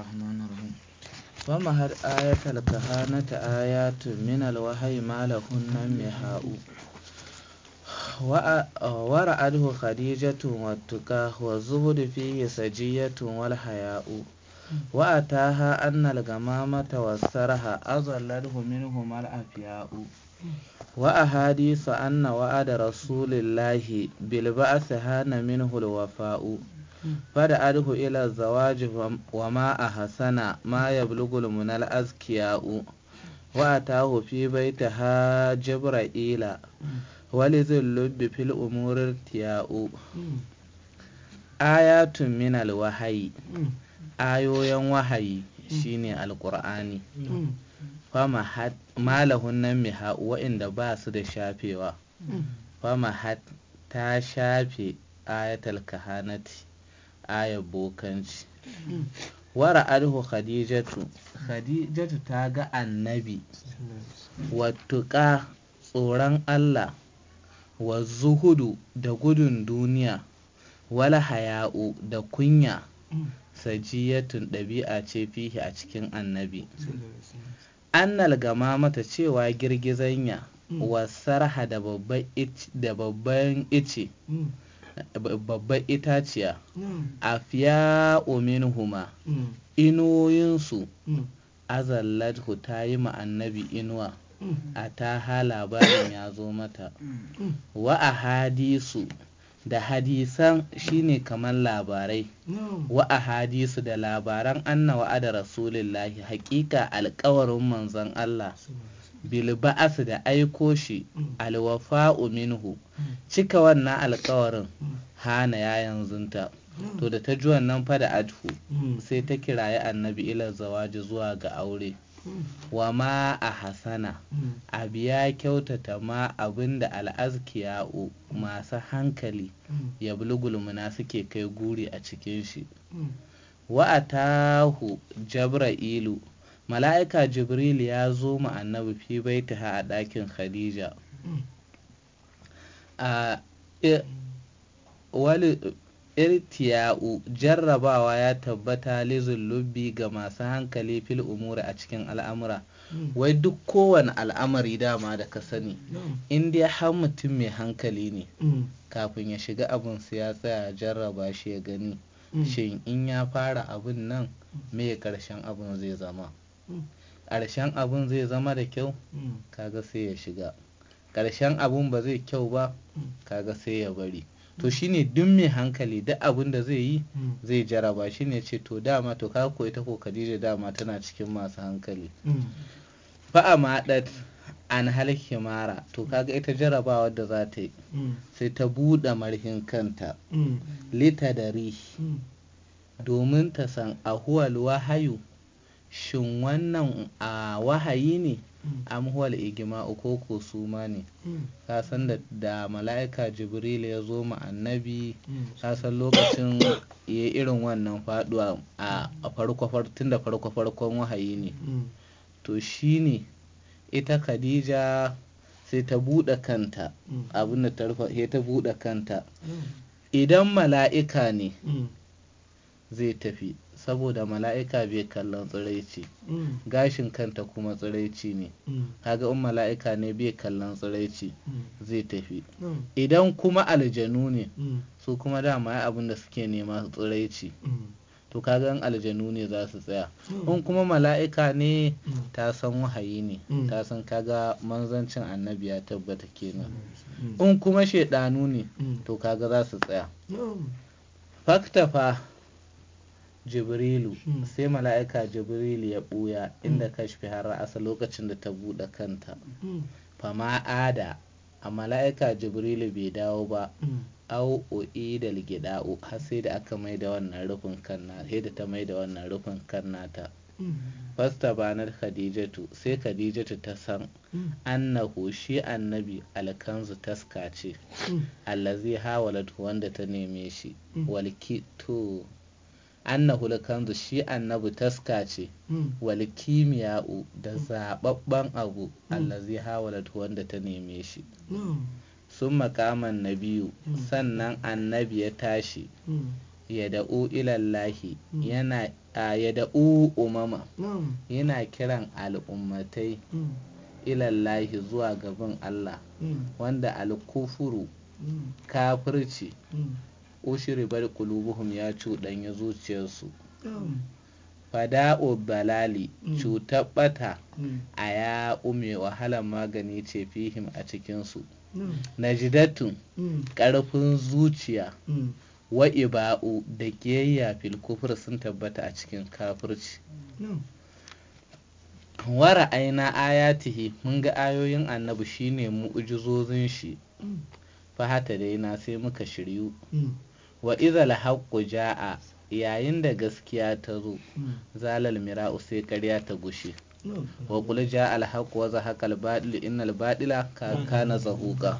الرحمن الرحيم ومهر آية الكهانة آيات من الوحي ما لهن مهاء ورأته خديجة والتقى والزهد فيه سجية والحياء وأتاها أن الغمامة والسرها أظلته منهما الأفياء وأحاديث أن وعد رسول الله بالبعث هان منه الوفاء fada adhu ila zawaji wa ma a hasana ma ya bulugul munal azkiya'u wa atahu fi baita ha jibra'ila wali lubbi fil umurir tiya'u ayatun min alwahayi ayoyin wahayi shine alqur'ani fama had malahun nan wa inda ba su da shafewa fama had ta shafe ayatul kahanati ayar bokanci wara khadijatu khadijatu ta ga annabi Watuƙa tsoron allah wa zuhudu da gudun duniya wala haya'u da kunya sajiyatun ɗabi'a ce fihi a cikin annabi annal gama mata cewa girgizanya mm. wasarha da babban ice mm. babbar itaciya hmm. a fiya huma hmm. inuwoyinsu hmm. azallatu ta yi annabi inuwa a ta labarin ya zo mata wa a hadisu da hadisan shine kamar labarai wa a hadisu da labaran annawa da rasulillahi hakika alkawarin manzon Allah bilba'asu da aiko shi mm. alwafa'u minhu mm. cika wannan alkawarin mm. hana ya yanzunta to da ta ji wannan fa da adhu sai ta kiraye annabi ila zawaji zuwa ga aure wa ma a hasana abu ya kyautata ma abinda al'azkiya'u masu hankali ya bulgulmuna suke kai guri a cikin shi wa'atahu jabra'ilu mala'ika jibril ya zo ma annabi fi ta a ɗakin khadija a e, wali irtiya'u jarrabawa ya tabbata Lubbi ga masu hankali fil umuri a cikin al'amura hmm. wai duk kowane al'amari dama da ka sani hmm. in ya har mutum mai hankali ne hmm. kafin ya shiga abin su ya tsaya jarraba shi ya gani shin in ya fara abin nan me karshen abin zai zama ƙarshen abun zai zama da kyau hmm. kaga sai ya shiga ƙarshen abun ba zai kyau ba hmm. kaga sai ya bari to hmm. shine duk mai hankali duk abin da zai yi zai jaraba shine ce to dama to ka koyi ta kokari da dama tana cikin masu hankali fa'a maɗat an halke mara to kaga ita jarabawar da za ta yi sai ta buɗe marhin kanta Lita rihi domin ta san ahuwal wahayu shin wannan a wahayi ne mm. amhuwal igima igima'u ko su suma ne mm. ka da mala'ika jibril ya zo ma annabi mm. kasan lokacin ya irin wannan faduwa a farko tun da farko farkon wahayi ne to shi ne ita khadija sai ta buɗe kanta abinda da ta rufe ta buɗe kanta idan mala'ika ne zai tafi saboda mala'ika bai kallon tsiraici mm. gashin kanta kuma tsiraici ne mm. kaga in mala'ika ne bai kallon tsiraici mm. zai tafi idan kuma aljanu ne su kuma dama ya abin da suke nema tsiraici to kaga in aljanu ne za su tsaya in kuma mala'ika ne ta san wahayi ne ta san kaga manzancin annabi ya tabbata kenan in kuma shaidanu ne to kaga za su tsaya faktafa jibrilu hmm. sai mala'ika jibrilu ya ɓuya hmm. inda kashfi har ra'asa lokacin da ta buɗe kanta hmm. fama ada a mala'ika jibrilu bai dawo ba au o'i da o har sai da aka mai da wannan rufin kanna sai da ta mai da wannan rufin kannata fasta banar khadijatu sai khadijatu ta san annahu shi annabi alkanzu taska ce allazi hawalat wanda ta neme shi walki to annahu shi annabi taska ce hmm. wal kimiya'u da hmm. zababban abu hmm. allazi hawalatu wanda ta neme shi sun makaman na biyu sannan annabi ya tashi ya da'u ilallahi yana ya da'u umama yana kiran al'ummatai ilallahi zuwa gaban Allah wanda alkufuru kafirci ushiri bar kulubuhum ya cuɗanya zuciyarsu mm. fada'o balali mm. cutar mm. a ya ume wahalar magani ce fihim a cikinsu najidatun ƙarfin zuciya wa iba'u da ƙiyayya fil kufur sun tabbata a cikin kafirci wara aina ayatihi mun ga ayoyin annabi shine mu'jizozin shi fahata daina sai muka shiryu wa izal haqqu ja'a yayin da gaskiya ta zo hmm. zalal mira'u sai karya ta gushe hmm. wa qul ja'a al haqqu wa zahaqa al batil innal batila hmm. kana zahuqa